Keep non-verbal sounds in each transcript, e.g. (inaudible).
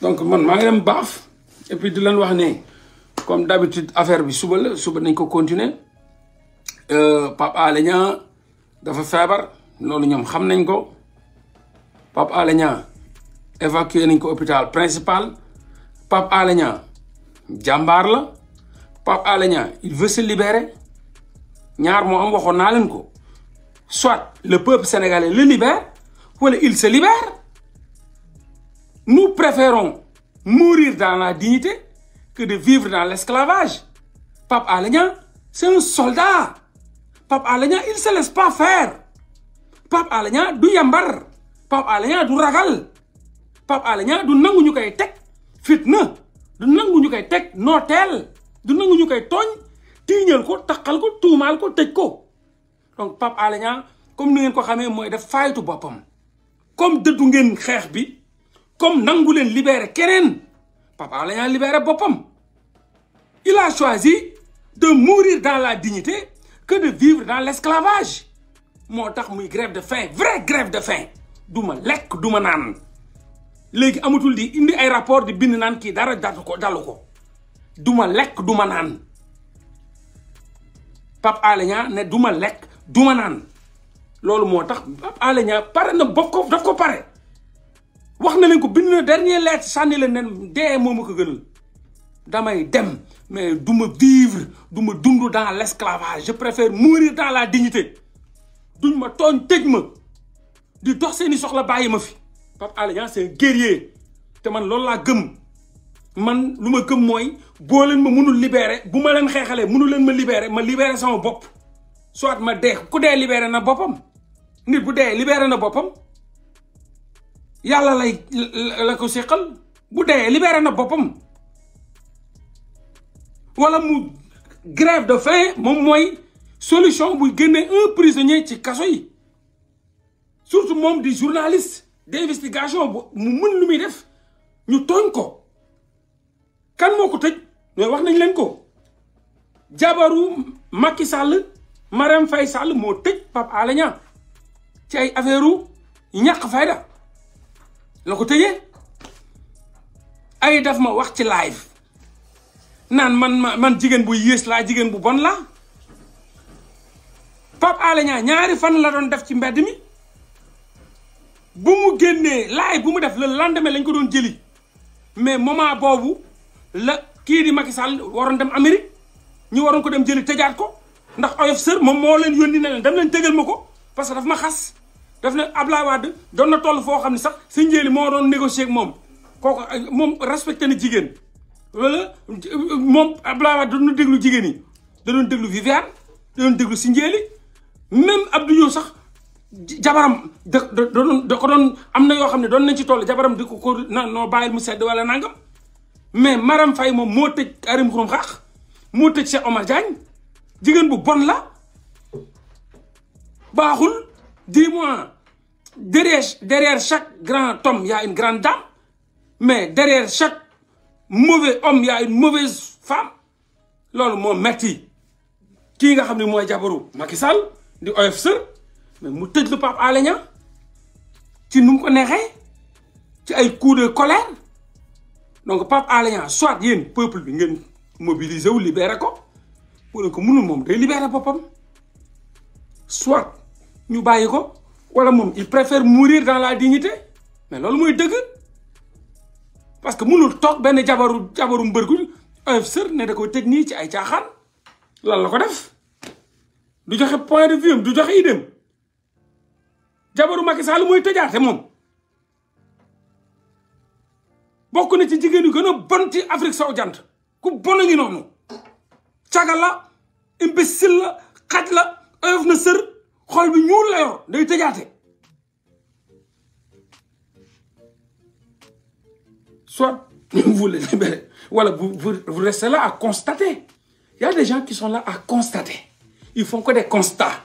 donc man je ngi dem et puis di vous wax comme d'habitude affaire bi suba souvent suba nañ continuer Euh, Alé Alenya, dafa feebar loolu ñoom xam nañ ko Pape Alé Niang évacué l'hôpital principal Papa Alenya, Jambar jàmbaar la Pape il veut se libérer ñaar mo am waxoon soit le peuple sénégalais le libère ou il se libère nous préférons mourir dans la dignité que de vivre dans l'esclavage. Pape Alenia, c'est un soldat. Pape Alenia, il ne se laisse pas faire. Pape Alenia, du yambar. Pape Alenia, du ragal. Pape Alenia, du nangu ñu fitna. du nangu ñu koy du nangu ñu koy tooñ ko takal ko tumal ko tëj ko. donc Pape Alenia comme il ngeen ko xamee mooy def faaytu boppam. comme dëddu ngeen xeex bi comme Nangulen leen libéré keneen Papa Alé libéré Bopam. il a choisi de mourir dans la dignité que de vivre dans l'esclavage moo tax muy grève de faim vraie grève de faim Douma lek, douma nan. ma naan léegi amatul di indi ay rapport di bind qui kii dara datu ko dalu ko du ma lekk du ne douma lek, douma du ma naan papa Alenya, pare na bokk daf ko pare wax na ko bind dernière lettre sànni leen ko gënal damay dem mais vivre dans l'esclavage, je préfère mourir dans la dignité duñ ma tëj ma di dox soxla bàyyi fi c'est un guerrier te man loolu laa gëm man lu ma gëm mooy leen ma mënul libérer Je leen libérer ma soit ma dee ku dee libérer na boppam nit bu yàlla lay la ko seqal bu dee libéré na boppam wala mu grève de faim moom mooy solution bu génne un prisonnier ci kaso yi surtout moom di journaliste d'investigation bu mu mën lu muy def ñu tooñ ko kan moo ko tëj mais wax nañ leen ko jabaru Macky Sall Marème Faye Sall moo tëj Pape Alé ci ay affaire ñàkk fayda la ko tëjee ay daf ma wax ci live naan man ma man jigéen bu yées laa jigéen bu bon laa Pape Alé ñaari fan la doon def ci mbedd mi bu mu génnee live bu mu def la lendemain lañ ko doon jëli mais moment boobu la kii di Macky Sall waroon dem Amérique ñu waroon ko dem jëli tëjaat ko ndax oyof sër moom moo leen yónni na leen dem leen tëgal ma ko parce que daf ma xas Je ne Ablaye Wade doon na toll fo xamni ne sax si doon négocier ak mom koko mom respecté ni jigen wala moom Ablaye Wade déglu jigen ni da doon déglu da déglu même Abdou Diouf sax jabaram da don da ko don amna yo xamni ne doon nañ ci toll jabaram di ko no bayil mu wala nangam mais Maram Faye mom mo tëj Karim Khoum je ne Cheikh Omar bu bon la Dis-moi, derrière, chaque grand homme, il y a une grande dame. Mais derrière chaque mauvais homme, il y a une mauvaise femme. C'est mon metti qui nga xam ne mooy jabaru Macky Sall di de OFC. mais mu le le Pape Alé Tu ci connais, tu ko un ci coups de colère donc Pape il y a un peuple qui est mobilisé ou libéré Pour que ko mënul moom day libéré soit ñu bàyyi ko wala moom il préfère mourir dans la dignité mais l'homme est dëgg parce que mënul talk ben est jabarou mbër gu oyof sër ne da koy tëj nii ci ay caaxaan lan la ko def du joxe point de vue du joxe idem jabarou Macky Sall mooy tëjaate moom bokk na ci jigéen yu gën a Afrique saoudienne. jant ku bon a ngi noonu caga la imbécile la xol bi ñuul la yor day tëjaate soit (laughs) vous les libérez wala vous vous restez là à constater il y a des gens qui sont là à constater ils font que des constats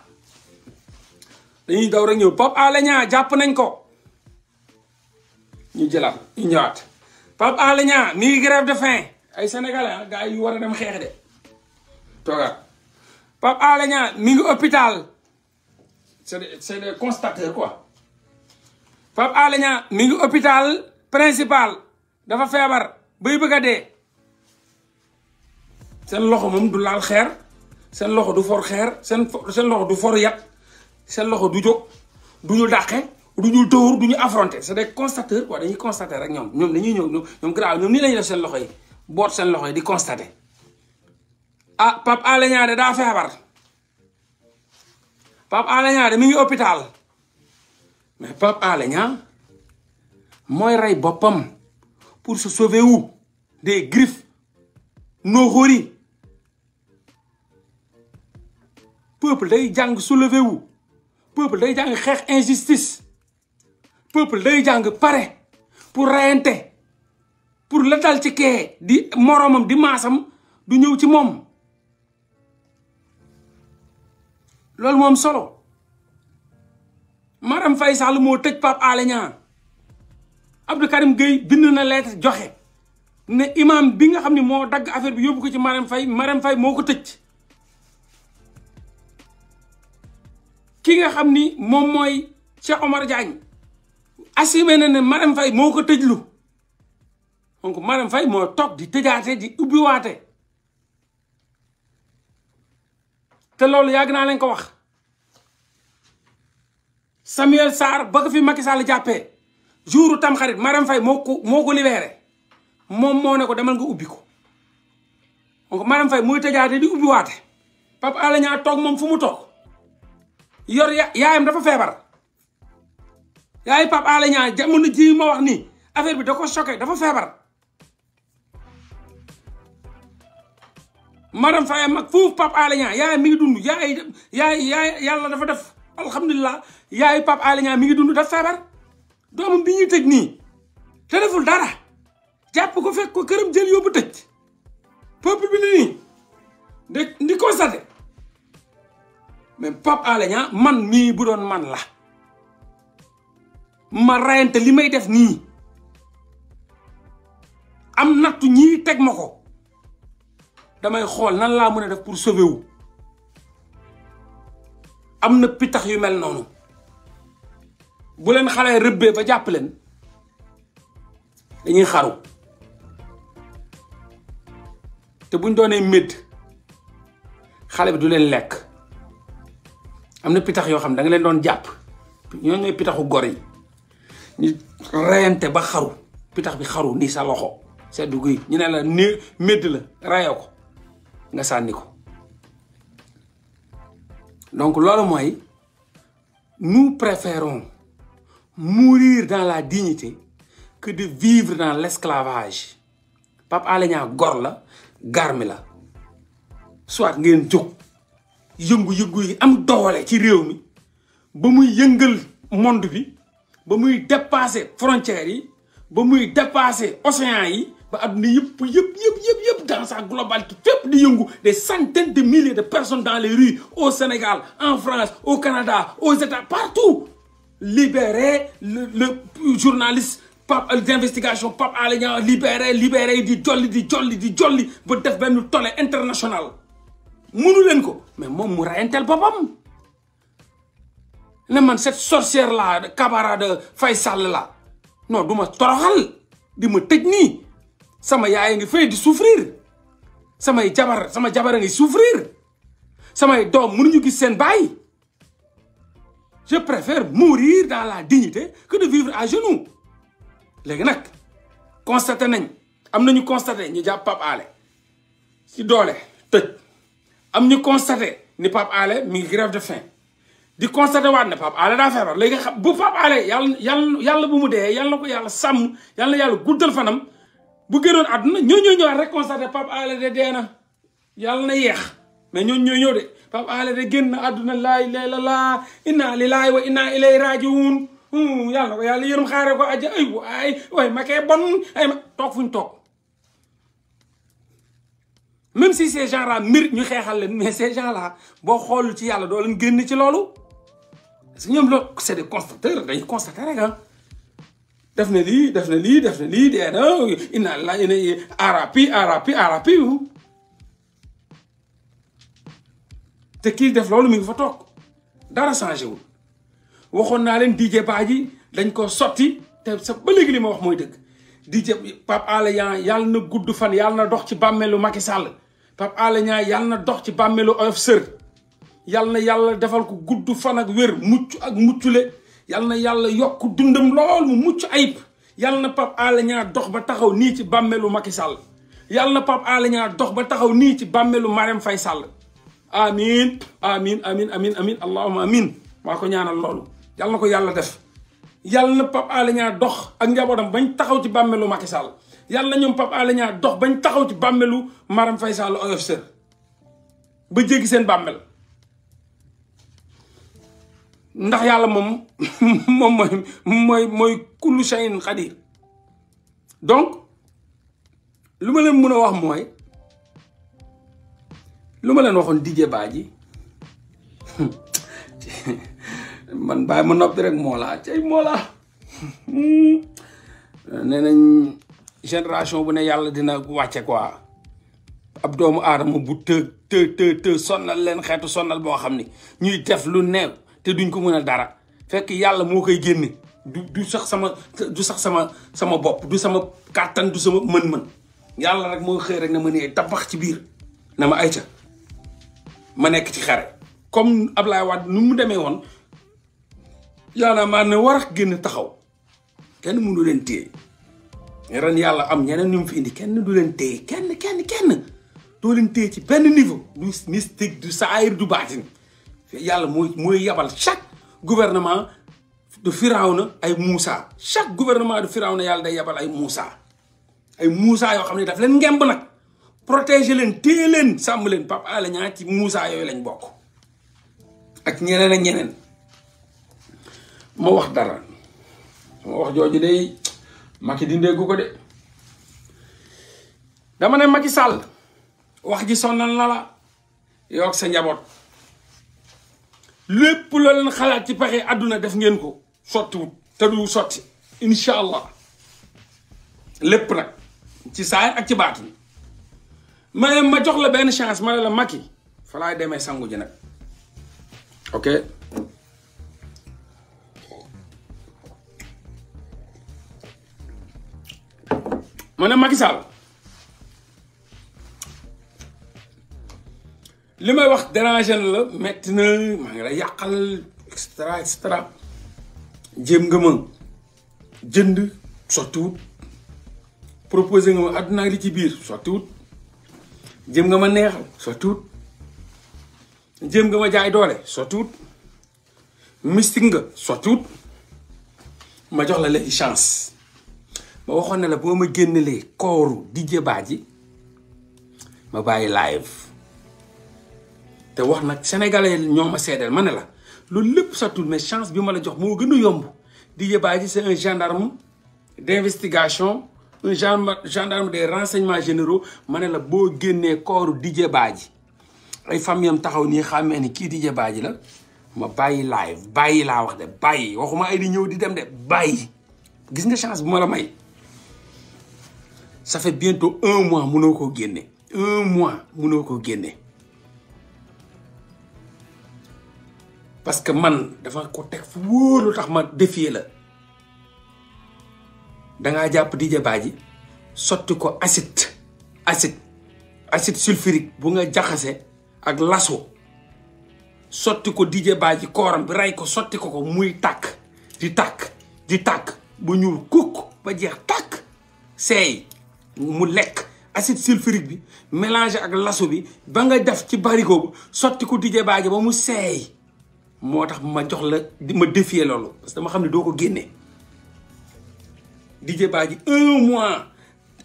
dañuy daw rek ñëw Pape Alé Niang japp nañ ko ñu jëlaat ñu ñëwaat Pape Alé Niang mi ngi grève de faim ay sénégalais ah, gars yi wara a dem xeex de toogaat a Alé Niang mi ngi hôpital c'est des constateurs quoi Fab Alé Niang hôpital principal dafa feebar bay bëgg a dee seen loxo moom du laal xeer seen loxo du for xeer seen seen loxo du for yat seen loxo du jóg du ñu dàqe du ñu dóor du ñu affronter c'est des constateurs quoi dañuy constater rek ñoom ñoom dañuy ñëw ñoom grave ñoom nii lañuy def seen loxo yi boot seen loxo yi di constater ah Pape Alé Niang de daa Pape Alé Niang mi ngi hôpital mais Pape Alé Niang mooy rey boppam pour se sauver de des griffes nooxóori day jàng soulever wu peuple day jàng xeex injustice peuple day jàng pare pour reyante pour la dal ci kee di moroomam di maasam du ñëw ci moom loolu moom solo Marème Faye Sall moo tëj Pape Alé Niang Abdou Karim Gueye bind na lettre joxe ne imam bi nga xam ne moo dagg affaire bi yóbbu ko ci Marème fay Marème fay moo ko tëj ki nga xam ni moom mooy Cheikh Omar Diagne moo ko tëjlu donc Marème Faye moo toog di tëjaate di ubbiwaate te loolu yàgg naa leen ko wax Samuel Sarr ba ko fi Macky Sall jàppee jouru tamxarit Marème Faye moo ko moo ko libéré moom moo ne ko demal nga ubbi ko donc Marème Faye muy tëjaate di ubbi waate Pape Alé Niang toog moom fu mu toog yor yaayam dafa feebar yaayu Pape Alé Niang jamono ji ma wax nii affaire bi da ko choqué dafa feebar Marème Faye mag foofu Pape Alé Niang yaay mi ngi dund yaay yaay yaay yàlla dafa def alhamdulilah yaay Pape Alé Niang mi ngi dund daf feebar doomam bi ñuy tëj nii te deful dara jàpp ko fekk ko këram jël yóbbu tëj peuple bi nii de di constaté mais Pape Alé Niang man mii bu doon man la ma rayante li may def nii am nattu ñii teg ma ko damay xool nan laa mën a def pour sauver wu am na pitax yu mel noonu bu leen xale rëbbee ba jàpp leen dañuy xaru te buñ doonee médd xale bi du leen lekk am na pitax yoo xam ne da leen doon jàpp ñoo ñooy pitaxu gor yi ñu ba xaru pitax bi xaru nii sa loxo seddu guy ñu ne la ni medd la rayee donc nous préférons mourir dans la dignité que de vivre dans l'esclavage Papa Alé Gorla, gor la garmi la soit ngeen jóg yëngu-yëngu am doole ci réew ba muy monde dépasser frontières yi ba dépasser océan ba dans sa globalité des centaines de milliers de personnes dans les rues au Sénégal en France au Canada aux États partout libérer le journaliste euh, d'investigation Pape Alé libérer libérer di jolli di jolli di jolli ba faire benn tolé international mënu ko mais un tel tel un ne man cette sorcière là camarade de Faisal là non du ma toroxal di ma une technique sama yaay ngi fay di souffrir samay jabar sama jabar a ngi souffrir samay doom mënuñu gis s'en baay je préfère mourir dans la dignité que de vivre à genoux légui nak constaté nañ am nañu constaté ñu japp Pape ale ci doole tej am ñu constaté ni Pape ale mi grève de faim di constaté waat ne Pape ale da feebar léegi bu Pape ale yalla yalla bu mu dé yalla ko yalla sam yalla yalla guddal fanam bu gënoon àdduna ñoo ñoo ñëwaat rek constaté Pape Alé de dee na yàlla na yeex mais ñoo ñoo ñëw de Pape Alé de génn àdduna laa ilaaha illallaah inna lillaahi wa inna ilayhi raaji'uun hmm, yàlla na ko yàlla yërëm xaare ko aja ay waay waay ma kee bon ay ma toog fu ñu toog même si ces gens là mérite ñu xeexal leen mais ces gens là boo xool ci yàlla doo leen génn ci loolu parce que ñoom loolu c'est des constateurs dañuy constater rek ah def na lii def na lii def na lii dee na inna lillahi inna arapi arapi arapi te kii def loolu mi ngi fa toog dara changé wul waxoon naa leen DJ Badji dañ ko sotti te sa ba léegi li ma wax mooy dëgg DJ Pape Alé Niang yàlla na gudd fan yàlla na dox ci bàmmeelu Macky Sall Pape Alé Niang yàlla na dox ci bàmmeelu oyof sër yàlla na yàlla defal ko gudd fan ak wér mucc ak muccule yalna yalla yok dundum lol mu mucc ayib yalna pap Pape dox ba taxaw ni ci bammelu Macky Sall yal na Pape dox ba taxaw ni ci bammelu amin amin amin amin amin Allahumma amin mako ñaanal yalla yalna yalla ko yalla def yalna pap Pape dox ak njabootam bañ taxaw ci bammelu Macky Sall yal na ñoom Pape dox bañ taxaw ci bammelu Marème Sall ba jéggi sen ndax yàlla moom (laughs) moom mooy mooy mooy kullu shay'in donc lu ma leen mën a wax mooy lu ma leen waxoon Didier Badji (laughs) man bàyyi ma noppi rek Mollah cay Mollah (laughs) nee nañ génération bu ne yàlla dina wàcce quoi ab doomu aadama bu të të të të sonnal leen xeetu sonnal boo xam ni ñuy def lu neew te duñ ko mën a dara fekk yàlla moo koy génne du du sax sama du sax sama sama bopp du sama kàttan du sama mën-mën yàlla rek moo xëy rek na ma ne tabax ci biir na ma ayca ma nekk ci xare comme Ablaye Wade nu mu demee woon yaanaa maa ne war a génn taxaw kenn mënu leen téye ren yàlla am ñeneen ñu fi indi kenn du leen téye kenn kenn kenn doo leen téye ci benn niveau du mystique du saayir du baatin yàlla muy mooy yabal chaque gouvernement firaw na ay Moussa chaque gouvernement du firaw na yàlla day yabal ay Moussa ay Moussa yoo xam ne daf leen ngemb nag protéger leen téye leen sàmm leen Pape Alé Niang ci Moussa yooyu lañ bokk ak ñeneen ak ñeneen ma wax dara ma wax jooju day Macky dindeegu ko de dama ne Macky Sall wax ji sonnal na la yoog sa njaboot lépp la leen xalaat ci pexe àdduna def ngeen ko sottiwut te du sotti incha allah lépp nag ci saayir ak ci baatin ma ne ma jox la benn chance ma ne la Macky fa laay demee sangu ji nag ok ma ne Macky Sall li may wax déranger la mettina maa ngi lay yàqal et cetera jéem nga ma jënd sottiwut proposé nga ma àdduna li ci biir sottiwut jéem nga ma neexal sottiwut jéem nga ma jaay doole sottiwut mystique nga sottiwut ma jox la léegi chance ma waxoon na la boo ma génnelee kooru Dj Badji ma bàyyi live te wax nak sénégalais ñoma ma mané la loolu lépp sottul mais chance bi ma la jox mo gënu yomb Didier Badji c'est un gendarme d'investigation un gendarme des renseignements généraux mané la bo génné kooru Didier Badji ay famiyam taxaw ni xamé ni ki Didier Badji la ma bayyi live bayyi la wax de bayyi waxuma ay di ñëw di dem de bayyi gis nga chance bu ma la may ça fait bientôt un mois mënoo koo génne un mois mënoo koo génne parce que man dafa ko teg fu lu tax ma défier la dangaa jàpp Didier Badji sotti ko acide acide acide sulfurique bu nga jaxase ak laso sotti ko Didier Badji kooram bi rey ko sotti ko ko muy tàkk di tàkk di tàkk bu ñuul kukk ba jeex tàkk seey mu lekk acide sulfurique bi mélangé ak lasu bi ba nga def ci barigo bu sotti ko Didier Badji ba mu seey moo tax ma jox la ma défier loolu parce que dama xam ne doo ko génne di Badji un mois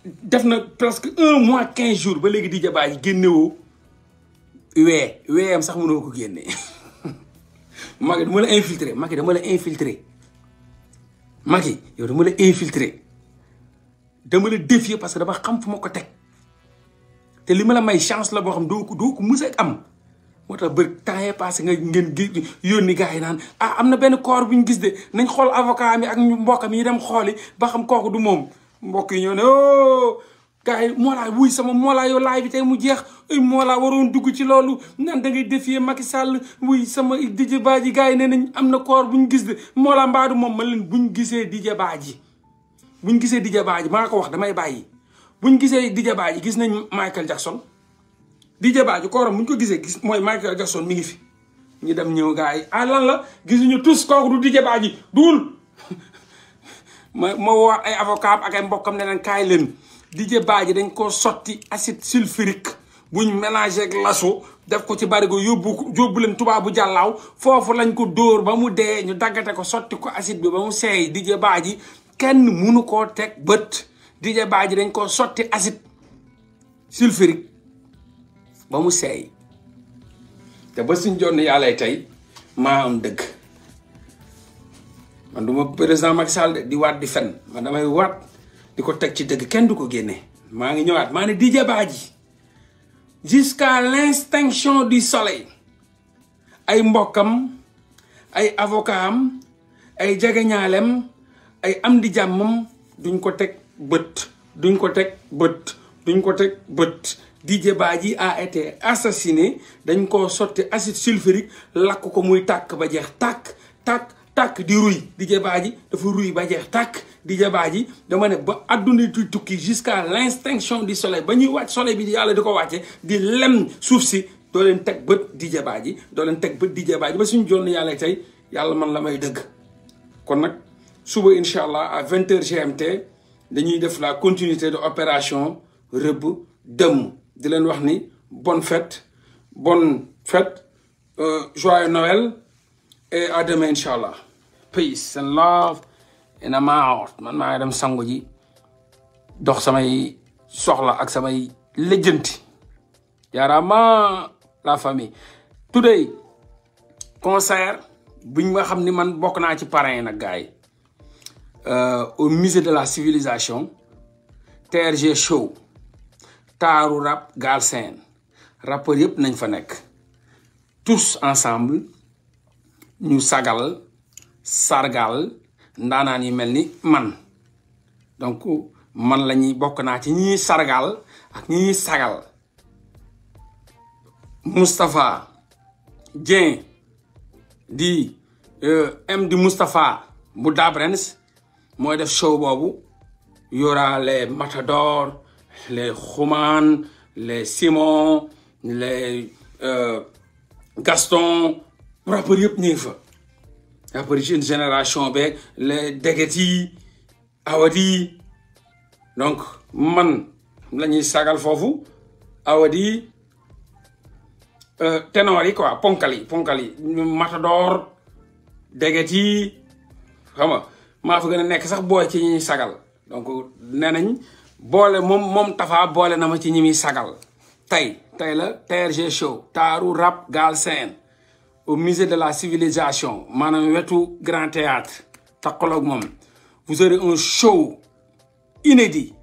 def na presque mois quinze jours ba léegi Didier Badji génnewoo wee weeyam sax mënoo ko génne (laughs) Macky dama la infiltré Macky dama la infiltré Macky yow dama la infiltre dama la défier parce que dama xam fu ma ko teg te li ma la may chance la boo xam doo ko doo ko mës a am moo tax bëri temps yee passé nga ngeen gis yónni gars yi naan ah am na benn corps bu ñu gis de nañ xool avocat mi ak mbokkam yi dem xooli ba xam kooku du moom mbokk yi ñoo ne oh gars yi Mollah wuy sama Mollah yow laay bi tey mu jeex Mollah waroon dugg ci loolu naan da ngay défier i sàll wuy sama Didier Badji gars yi nee nañ am na corps bu ñu gis de Mollah mbaadu moom man leen bu ñu gisee Didier Badji bu ñu gisee Didier Badji maa ko wax damay bàyyi bu ñu gisee Didier Badji gis nañ Michael Jackson. Didier Badji kooram bu ñu ko gisee gis mooy Michael Jackson mi ngi fi ñu dem ñëw gars yi ah lan la gisuñu tous kooku du Didier Badji duul (laughs) ay avocat ak mbokkam ne leen kaay leen Didier Badji dañ koo sotti acide sulfurique bu mélangé ak laso def ko ci barigo yóbbu yóbbu leen tubaabu jàllaaw foofu lañ ko dóor ba mu dee ñu daggate ko sotti ko acide bi ba mu seey Didier Badji kenn munu koo teg bët Didier Badji dañ koo sotti acide sulfurique ba mu seey te ba suñ jonn yàllay tey maa am dëgg man du ma président Macky Sall de di waat di fen man damay waat di ko teg ci dëgg kenn du ko génne maa ngi ñëwaat maa ne Didier Badji jusqu'à l'extinction du soleil ay mbokkam ay avocat am ay jegeñaalem ay am di jàmmam duñ ko teg bët duñ ko teg bët duñ ko teg bët Didier Badi a été assassiné dañ koo sorte acide sulfurique La ko muy ba tak di Didier Badi, dafa rouille ba tac. Didier Badi, dama jusqu'à l'extinction du soleil ba le soleil bi di ko le di lem suuf si dans le tech but Didier Badi, Dans le tech but Didier ba suñu man la may à 20h GMT dañuy def la continuité de opération Rebou di wax ni bonne fête bonne fête euh, joyeux Noël et à demain Inch'Allah. peace and love and I'm out man ma dem sangu ji dox samay soxla ak samay lëjjanti yarama la famille today concert buñ ma xamni man bokk na ci parrain yi gaay euh, au musée de la civilisation TRG show Taru rap sen rappeur yep nañ fa nek tous ensemble ñu sagal sargal ndaanaan melni man donc man la bok na ci ñi sargal ak ñi sagal mustafa di euh, m di Mustafa, bu Dabrens moy def show bobu yora les matadors les Roman, les Simon, les euh, Gaston, rappeur yëpp ñu ngi fa. génération ben les Degeti Awadi donc man la sagal foofu Awadi euh, ténor yi quoi ponkal yi Matador Degeti xam ma maa fa gën a sax booy ci sagal donc nee bolé mom mom Tafa bolé na ma ci ñimi sagal Tay, tay la TRG show taru rap Galsen au musée de la civilisation manam wetu grand théâtre taqaloog mom vous aurez un show inédit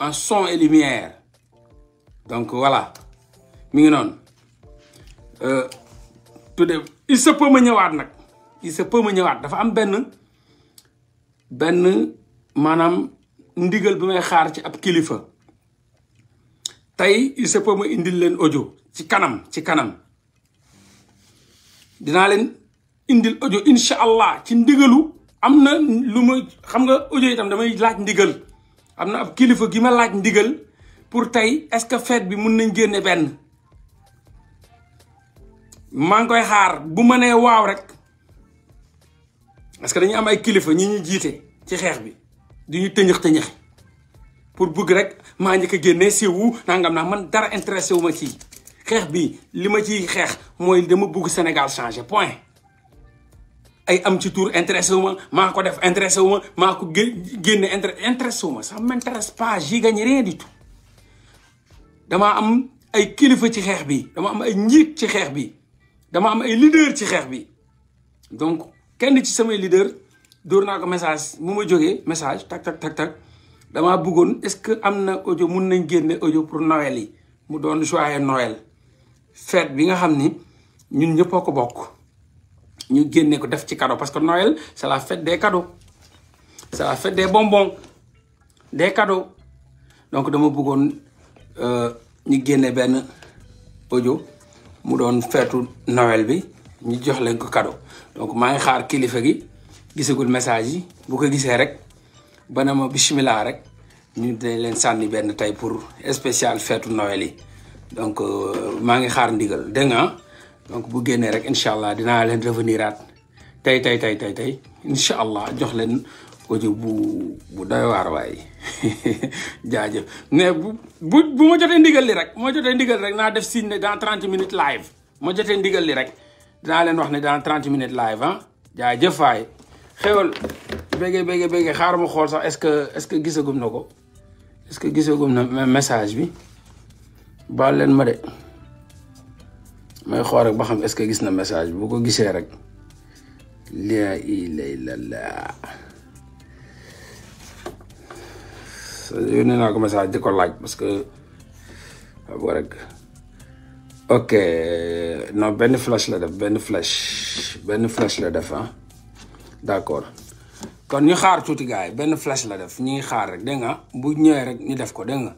en son et lumière donc voilà mi ngi euh, tout il se peut me ñëwaat nak il se peut me ñëwaat dafa am ben ben manam. ndigal bi may xaar ci ab kilifa tay il se peut ma indil leen audio ci kanam ci kanam dina leen indil audio insha allah ci ndigalu amna na lu ma xam nga audio itam damay laaj ndigal amna ab kilifa gi ma laaj ndigal pour tay est ce que fête bi mën nañ génne benn ma ngi koy xaar bu ma nee waaw rek parce que dañu am ay kilifa ñi ñu jiite ci xeex bi di ñu tëñëx tëñëx pour bugg rek maa njëkk a génnee siiwu nangam naa man dara intéressé wu ma ci xeex bi li ma ciy xeex mooy dama bugg Sénégal changé point ay am ci tour intéressé wu ma maa ko def intéressé wu ma maa ko génne intéressé wu ma ça m'intéresse pas j'y gagne rien du tout damaa am ay kilifa ci xeex bi dama am ay njiit ci xeex bi dama am ay leader ci xeex bi donc kenn ci samay leader dóor naa ko message mu ma jógee message tak tak tak tak damaa bëggoon est-ce que am na audio mun nañ génne audio pour Noël yi mu doon joyeux Noël fête bi nga xam ni ñun ñëpp ko bokk ñu génne ko def ci cadeau parce que Noël c'est la fête des cadeaux c'est des bonbons des cadeaux donc dama bëggoon euh, ñu génne benn audio mu doon feetu Noël bi ñu jox leen ko cadeau donc maa ngi xaar kilifa gi. gisagul message yi bu ko gisee rek bana na ma bisimilah rek ñu dañ leen sànni benn tey pour spécial feetu Noël yi donc euh, maa ngi xaar ndigal dégg nga donc bu génnee rek incha allah dinaa leen reveniraat tey tey tey tey tey incha allah jox leen audio bu bu doy waar waay (laughs) jaajëf mais bu bu bu ma jotee ndigal li rek bu ma jotee rek naa def signe ne dans trente minutes live ma jotee ndigal li rek dinaa leen wax ne dans trente minutes live ah jaajëf xéwal bége bége bége xaar ma xool sax est-ce que est-ce que gisagum na ko est-ce que gisagum na message bi baal leen ma de may xool rek ba xam est-ce que gis na message bi bu ko gisee rek laa ilaha illallah yónnee naa ko message di ko laaj parce que bo rek ok non benn flash la def benn flash benn flash la def ah d'accord kon ñu xaar tuuti gars yi benn flash la def ñu ngi xaar rek dégg nga bu ñëwee rek ñu def ko de nga